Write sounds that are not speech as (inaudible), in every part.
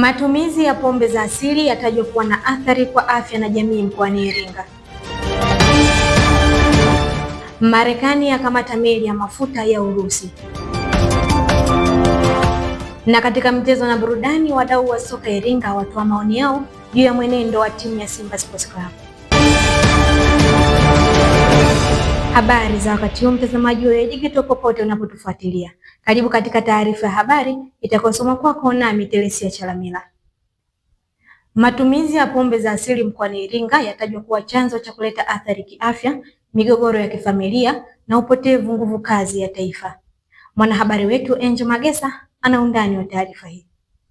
Matumizi ya pombe za asili yatajwa kuwa na athari kwa afya na jamii mkoani Iringa. Marekani yakamata meli ya mafuta ya Urusi. Na katika mchezo na burudani, wadau wa soka Iringa watoa maoni yao juu ya mwenendo wa timu ya Simba Sports Club. Habari za wakati huu mtazamaji wa Digital popote unapotufuatilia, karibu katika taarifa ya habari itakayosomwa kwako nami ya Chalamila. Matumizi ya pombe za asili mkoani Iringa yatajwa kuwa chanzo cha kuleta athari kiafya, migogoro ya kifamilia na upotevu nguvu kazi ya taifa. Mwanahabari wetu Angel Magesa ana undani wa taarifa hii.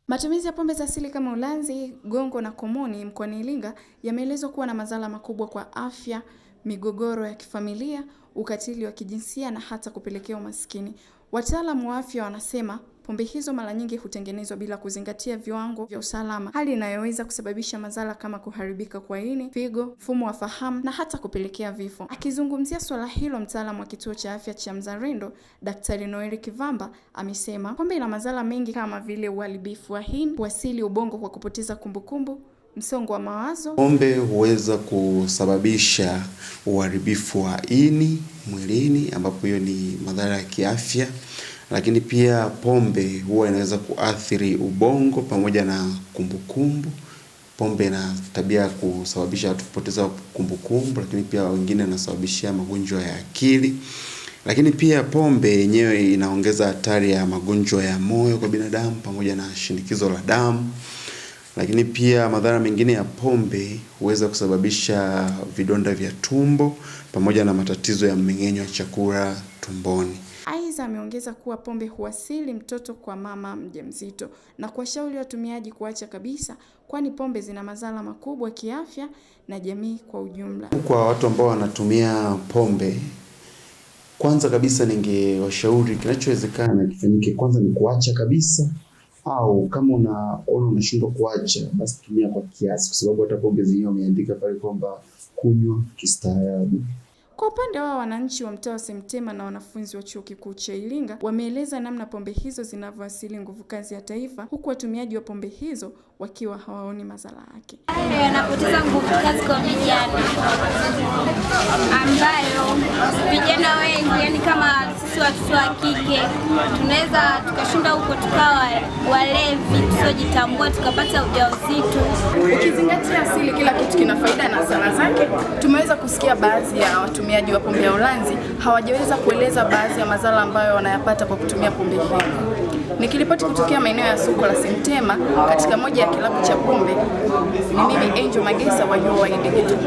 Matumizi ya pombe za asili kama ulanzi, gongo na komoni mkoani Iringa yameelezwa kuwa na madhara makubwa kwa afya migogoro ya kifamilia, ukatili wa kijinsia na hata kupelekea umaskini. Wataalamu wa afya wanasema pombe hizo mara nyingi hutengenezwa bila kuzingatia viwango vya usalama, hali inayoweza kusababisha madhara kama kuharibika kwa ini, figo, mfumo wa fahamu na hata kupelekea vifo. Akizungumzia suala hilo, mtaalamu wa kituo cha afya cha Mzarendo, Daktari Noeli Kivamba, amesema pombe ina madhara mengi kama vile uharibifu wa ini, kuasili ubongo kwa kupoteza kumbukumbu msongo wa mawazo. Pombe huweza kusababisha uharibifu wa ini mwilini, ambapo hiyo ni madhara ya kiafya, lakini pia pombe huwa inaweza kuathiri ubongo pamoja na kumbukumbu. Pombe ina tabia ya kusababisha watu kupoteza kumbukumbu, lakini pia wengine anasababishia magonjwa ya akili lakini pia pombe yenyewe inaongeza hatari ya magonjwa ya moyo kwa binadamu pamoja na shinikizo la damu. Lakini pia madhara mengine ya pombe huweza kusababisha vidonda vya tumbo pamoja na matatizo ya mmeng'enyo wa chakula tumboni. Aidha, ameongeza kuwa pombe huasili mtoto kwa mama mjamzito na kuwashauri watumiaji kuacha kabisa, kwani pombe zina madhara makubwa kiafya na jamii kwa ujumla. Kwa watu ambao wanatumia pombe, kwanza kabisa ningewashauri kinachowezekana kifanyike kwanza ni kuacha kabisa au kama unaona unashindwa kuacha, basi tumia kwa kiasi, kwa sababu hata pombe yenyewe wameandika pale kwamba kunywa kistaarabu. Kwa upande wao, wananchi wa mtaa wa Semtema na wanafunzi wa chuo kikuu cha Iringa wameeleza namna pombe hizo zinavyoasili nguvu kazi ya taifa, huku watumiaji wa pombe hizo wakiwa hawaoni madhara yake. wanapoteza nguvu kazi kwa vijana, ambayo vijana wengi, yani kama sisi watoto wa kike, tunaweza tukashinda huko tukawa walevi tusiojitambua, tukapata ujauzito. Ukizingatia asili, kila kitu kina faida na hasara zake. Tumeweza kusikia baadhi ya watu watumiaji wa pombe ya ulanzi hawajaweza kueleza baadhi ya madhara ambayo wanayapata kwa kutumia pombe hiyo. Nikiripoti kutokea maeneo ya soko la Sentema katika moja ya kilabu cha pombe, ni mimi Angel Magesa wa UoI Digital.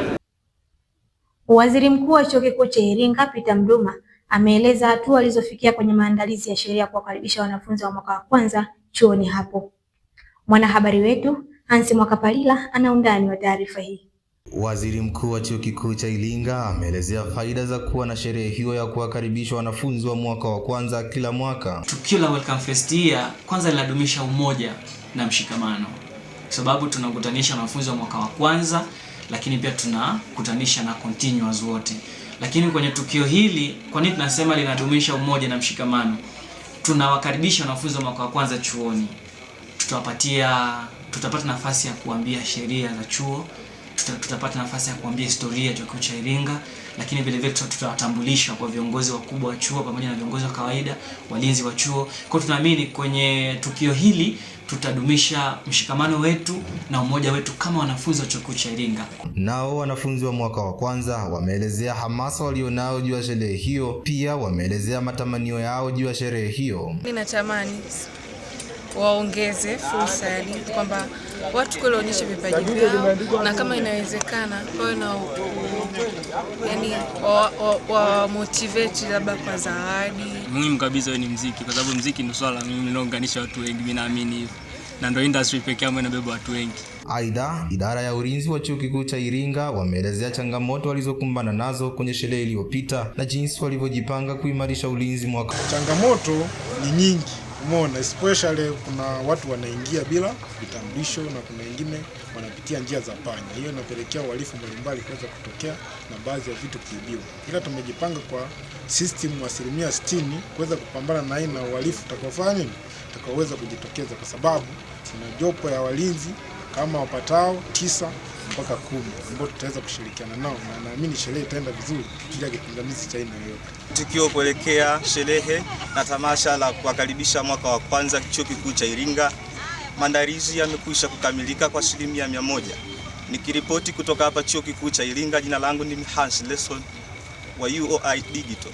Waziri Mkuu wa Chuo Kikuu cha Iringa Peter Mduma ameeleza hatua alizofikia kwenye maandalizi ya sheria kuwakaribisha wanafunzi wa mwaka wa kwanza chuoni hapo. Mwanahabari wetu Hansi Mwakapalila ana undani wa taarifa hii. Waziri Mkuu wa Chuo Kikuu cha Iringa ameelezea faida za kuwa na sherehe hiyo ya kuwakaribisha wanafunzi wa mwaka wa kwanza kila mwaka. Tukio la Welcome Fest hii kwanza linadumisha umoja na mshikamano, kwa sababu tunakutanisha wanafunzi wa mwaka wa kwanza, lakini pia tunakutanisha na continuous wote. Lakini kwenye tukio hili, kwa nini tunasema linadumisha umoja na mshikamano? Tunawakaribisha wanafunzi wa mwaka wa kwanza chuoni, tutawapatia tutapata nafasi ya kuambia sheria za chuo tutapata nafasi ya kuambia historia ya chuo kikuu cha Iringa, lakini vile vile tutawatambulisha kwa viongozi wakubwa wa chuo pamoja na viongozi wa kawaida, walinzi wa chuo. Kwa tunaamini kwenye tukio hili tutadumisha mshikamano wetu na umoja wetu kama wanafunzi wa chuo kikuu cha Iringa. Nao wanafunzi wa mwaka wa kwanza wameelezea hamasa walionayo juu ya sherehe hiyo, pia wameelezea matamanio yao juu ya sherehe hiyo. Ninatamani waongeze fursa yani kwamba watu kule waonyeshe vipaji vyao, na kama inawezekana wawe na yani wa, motivate labda kwa zawadi. Muhimu kabisa ni mziki, kwa sababu mziki ndio swala mimi linaunganisha watu wengi, mimi naamini hivyo na ndio industry pekee ambayo inabeba watu wengi. Aidha, idara ya ulinzi wa chuo kikuu cha Iringa wameelezea changamoto walizokumbana nazo kwenye sherehe iliyopita na jinsi walivyojipanga kuimarisha ulinzi mwaka. Changamoto ni nyingi Umeona, especially kuna watu wanaingia bila vitambulisho na kuna wengine wanapitia njia za panya. Hiyo inapelekea uhalifu mbalimbali kuweza kutokea na baadhi ya vitu kuibiwa, ila tumejipanga kwa system asilimia 60 kuweza kupambana na aina ya uhalifu utakaofanya nini, utakaoweza kujitokeza, kwa sababu tuna jopo ya walinzi kama wapatao tisa mpaka kumi ambao tutaweza kushirikiana nao na naamini sherehe itaenda vizuri, tujage pingamizi cha aina yoyote. Tukio kuelekea sherehe na tamasha la kuwakaribisha mwaka wa kwanza chuo kikuu cha Iringa, maandalizi yamekwisha kukamilika kwa asilimia mia moja. Nikiripoti kutoka hapa chuo kikuu cha Iringa, jina langu ni Hans Lesson wa UOI Digital.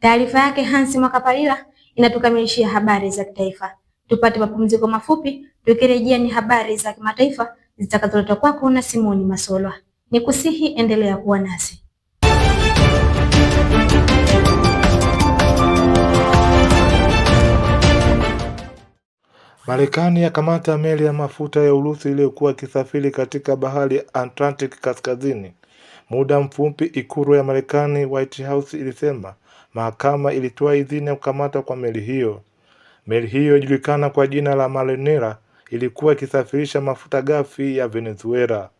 Taarifa yake Hans Mwakapalila inatukamilishia habari za kitaifa. Tupate mapumziko mafupi, tukirejea ni habari za kimataifa zitakazoletwa kwako na Simoni Masolwa. ni kusihi endelea kuwa nasi. Marekani yakamata meli ya mafuta ya Urusi iliyokuwa ikisafiri katika bahari ya Atlantic kaskazini. Muda mfupi, ikulu ya Marekani, White House, ilisema mahakama ilitoa idhini ya kukamata kwa meli hiyo. Meli hiyo ilijulikana kwa jina la Marinera ilikuwa ikisafirisha mafuta ghafi ya Venezuela.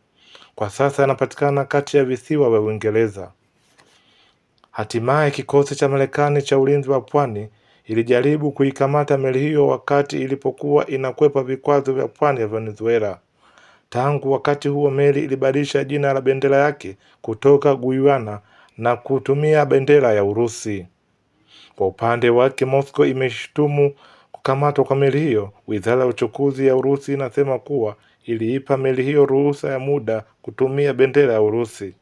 Kwa sasa yanapatikana kati ya visiwa vya Uingereza. Hatimaye kikosi cha Marekani cha ulinzi wa pwani ilijaribu kuikamata meli hiyo wakati ilipokuwa inakwepa vikwazo vya pwani ya Venezuela. Tangu wakati huo meli ilibadilisha jina la bendera yake kutoka Guyana na kutumia bendera ya Urusi. Kwa upande wake, Moscow imeshutumu kukamatwa kwa meli hiyo, wizara ya uchukuzi ya Urusi inasema kuwa iliipa meli hiyo ruhusa ya muda kutumia bendera ya Urusi.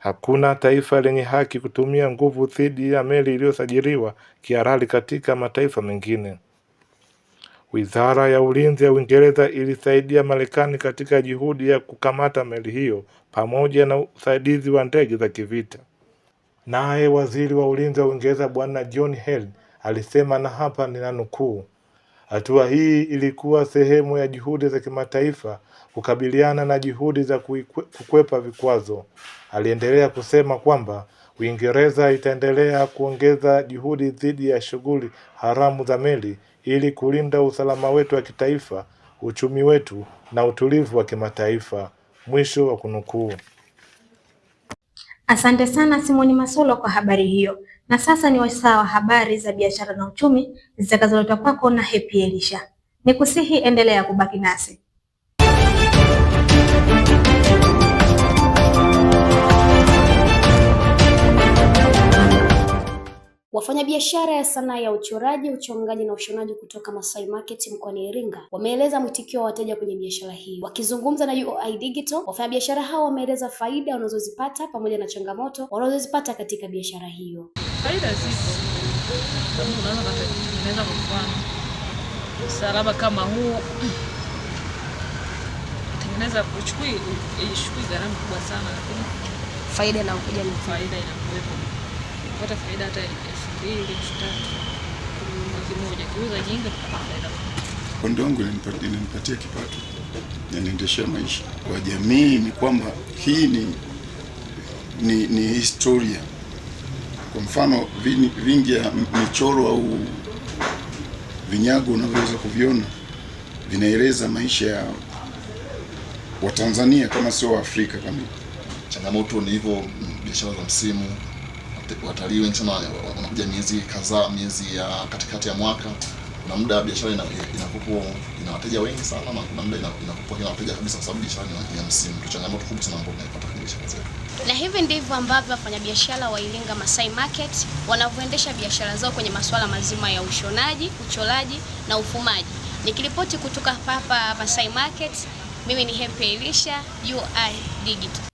Hakuna taifa lenye haki kutumia nguvu dhidi ya meli iliyosajiliwa kihalali katika mataifa mengine. Wizara ya ulinzi ya Uingereza ilisaidia Marekani katika juhudi ya kukamata meli hiyo pamoja na usaidizi wa ndege za kivita. Naye waziri wa ulinzi wa Uingereza Bwana John Heald alisema na hapa ninanukuu: hatua hii ilikuwa sehemu ya juhudi za kimataifa kukabiliana na juhudi za kukwepa vikwazo. Aliendelea kusema kwamba Uingereza itaendelea kuongeza juhudi dhidi ya shughuli haramu za meli ili kulinda usalama wetu wa kitaifa, uchumi wetu na utulivu wa kimataifa. Mwisho wa kunukuu. Asante sana Simoni Masolo kwa habari hiyo. Na sasa ni wasaa wa habari za biashara na uchumi zitakazoletwa kwako na Happy Elisha. Nikusihi endelea kubaki nasi. Wafanyabiashara ya sanaa ya uchoraji, uchongaji na ushonaji kutoka Masai Market mkoani Iringa wameeleza mwitikio wa wateja kwenye biashara hii. Wakizungumza na UoI Digital, wafanyabiashara hao wameeleza faida wanazozipata pamoja na changamoto wanazozipata katika biashara hiyo faida zipo, unaweza kutengeneza kwa mfano msalaba kama huu tengeneza, kuchukui ichukui gharama kubwa sana, lakini faida inakuja, ni faida inakuwepo. Ukipata faida hata elfu mbili elfu tatu kimoja, kiuza jinga kupata faida. Kondo wangu inanipatia kipato naniendeshea maisha kwa jamii, ni kwamba hii ni, ni, ni historia kwa mfano vingi ya michoro au vinyago unavyoweza kuviona vinaeleza maisha ya Watanzania kama sio Waafrika kamili. Changamoto ni hivyo, biashara za msimu, watalii wengi sana wanakuja miezi kadhaa, miezi ya katikati ya mwaka. Kuna muda biashara inakupo ina wateja wengi sana, na kuna muda inakupo ina wateja kabisa, kwa sababu biashara ni ya msimu. Changamoto kubwa sana ambayo tunaipata kwenye biashara zetu. Na hivi ndivyo ambavyo wafanyabiashara wa Iringa Masai Market wanavyoendesha biashara zao kwenye masuala mazima ya ushonaji, ucholaji na ufumaji. Nikiripoti kutoka hapa Masai Market, mimi ni Happy Elisha, UoI Digital.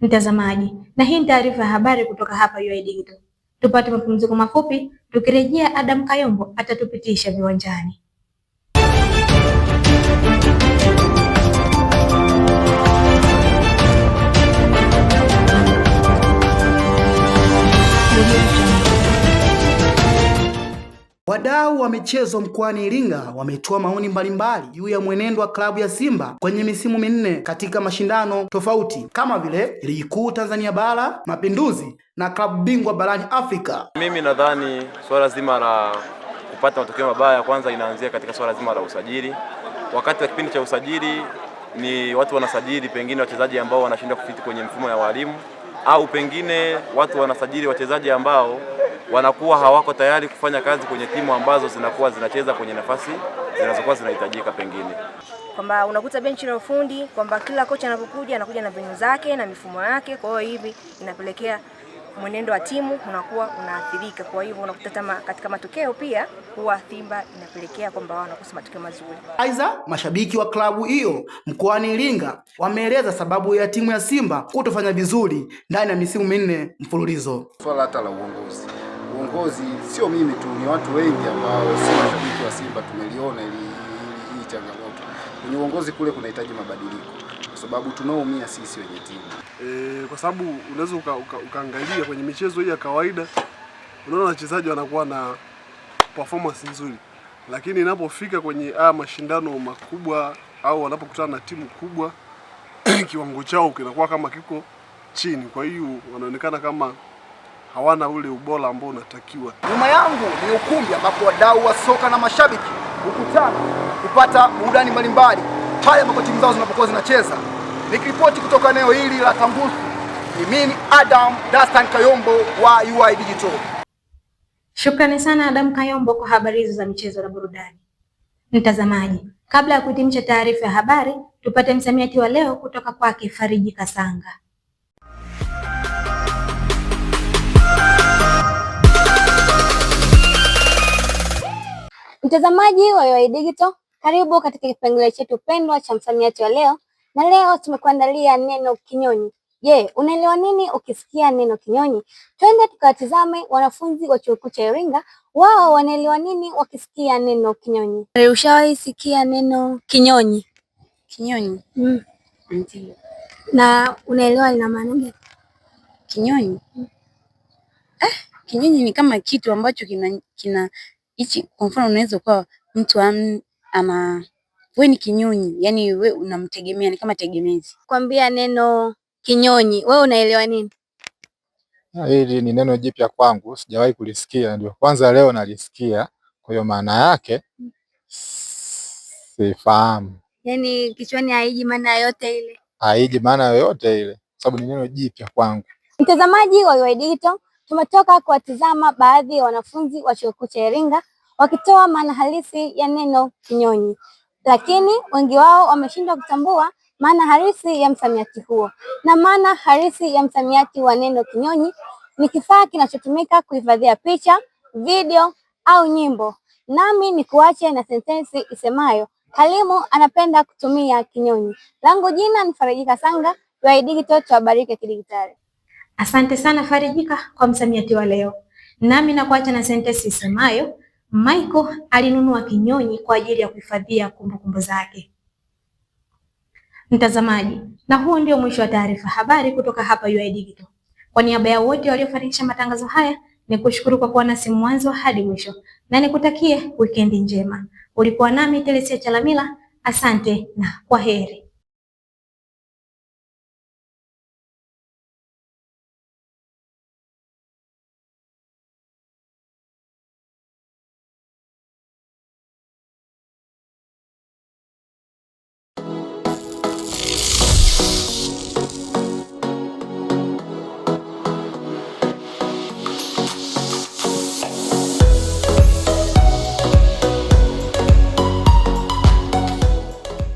Mtazamaji, na hii ni taarifa ya habari kutoka hapa UoI Digital. Tupate mapumziko mafupi, tukirejea Adam Kayombo atatupitisha viwanjani. Wadau wa michezo mkoani Iringa wametoa maoni mbalimbali juu ya mwenendo wa klabu ya Simba kwenye misimu minne katika mashindano tofauti kama vile Ligi Kuu Tanzania Bara, Mapinduzi na klabu bingwa barani Afrika. Mimi nadhani swala zima la kupata matokeo mabaya kwanza inaanzia katika swala zima la usajili. Wakati wa kipindi cha usajili ni watu wanasajili pengine wachezaji ambao wanashindwa kufiti kwenye mfumo ya walimu au pengine watu wanasajili wachezaji ambao wanakuwa hawako tayari kufanya kazi kwenye timu ambazo zinakuwa zinacheza kwenye nafasi zinazokuwa zinahitajika pengine kwamba unakuta benchi la ufundi kwamba kila kocha anapokuja anakuja na mbinu zake na mifumo yake. Kwa hiyo hivi inapelekea mwenendo wa timu unakuwa unaathirika. Kwa hivyo unakuta katika matokeo pia huwa Simba inapelekea kwamba wao wanakosa matokeo mazuri. Aidha, mashabiki wa klabu hiyo mkoani Iringa wameeleza sababu ya timu ya Simba kutofanya vizuri ndani ya misimu minne mfululizo. Swala hata la uongozi, uongozi sio mimi tu, ni watu wengi ambao si mashabiki wa Simba tumeliona hii changamoto kwenye uongozi kule, kunahitaji mabadiliko sababu tunaoumia sisi wenye timu e, kwa sababu unaweza uka, uka, ukaangalia kwenye michezo hii ya kawaida, unaona wachezaji wanakuwa na performance nzuri, lakini inapofika kwenye haya mashindano makubwa au wanapokutana na timu kubwa (clears throat) kiwango chao kinakuwa kama kiko chini, kwa hiyo wanaonekana kama hawana ule ubora ambao unatakiwa. Nyuma yangu ni ukumbi ambapo wadau wa soka na mashabiki hukutana kupata burudani mbalimbali pale ambapo timu zao zinapokuwa zinacheza. Nikiripoti kutoka eneo hili la Tambusu, ni mimi Adam Dastan Kayombo wa UoI Digital. Shukrani sana Adam Kayombo kwa habari hizo za michezo na burudani. Mtazamaji, kabla ya kuhitimisha taarifa ya habari, tupate msamiati wa leo kutoka kwake Fariji Kasanga. Mtazamaji wa UoI Digital, karibu katika kipengele chetu pendwa cha msamiati wa leo, na leo tumekuandalia neno kinyonyi. Je, unaelewa nini ukisikia neno kinyonyi? Twende tukawatizame wanafunzi wa chuo kikuu cha Iringa, wao wanaelewa nini wakisikia neno kinyonyi. Eh, ushawahi sikia neno kinyonyi? Kinyonyi mm. Na unaelewa lina maana gani kinyonyi? mm. Eh, kinyonyi ni kama kitu ambacho kina kina hichi, kwa mfano unaweza ukawa mtu ama we ni kinyonyi, yani we unamtegemea, ni kama tegemezi. Kwambia neno kinyonyi, we unaelewa nini? Ah, hili ni neno jipya kwangu, sijawahi kulisikia, ndio kwanza leo nalisikia. Kwa hiyo maana yake sifahamu, yani kichwani haiji maana yoyote ile, haiji maana yoyote ile, sababu ni neno jipya kwangu. Mtazamaji wa UoI Digital, tumetoka kuwatizama baadhi ya wanafunzi wa chuo kikuu cha Iringa wakitoa maana halisi ya neno kinyonyi, lakini wengi wao wameshindwa kutambua maana halisi ya msamiati huo. Na maana halisi ya msamiati wa neno kinyonyi ni kifaa kinachotumika kuhifadhia picha, video au nyimbo. Nami ni kuache na sentensi isemayo Halimu anapenda kutumia kinyonyi. Langu jina ni Farijika Sanga wa Digital, tuhabarike kidigitali. Asante sana Farijika kwa msamiati wa leo, nami nakuacha na sentensi isemayo Michael alinunua kinyonyi kwa ajili ya kuhifadhia kumbukumbu zake. Mtazamaji, na huo ndio mwisho wa taarifa habari kutoka hapa UoI Digital. Kwa niaba ya wote waliofanikisha matangazo haya, ni kushukuru kwa kuwa nasi mwanzo hadi mwisho na nikutakie wikendi njema. Ulikuwa nami Telesia Chalamila, asante na kwa heri.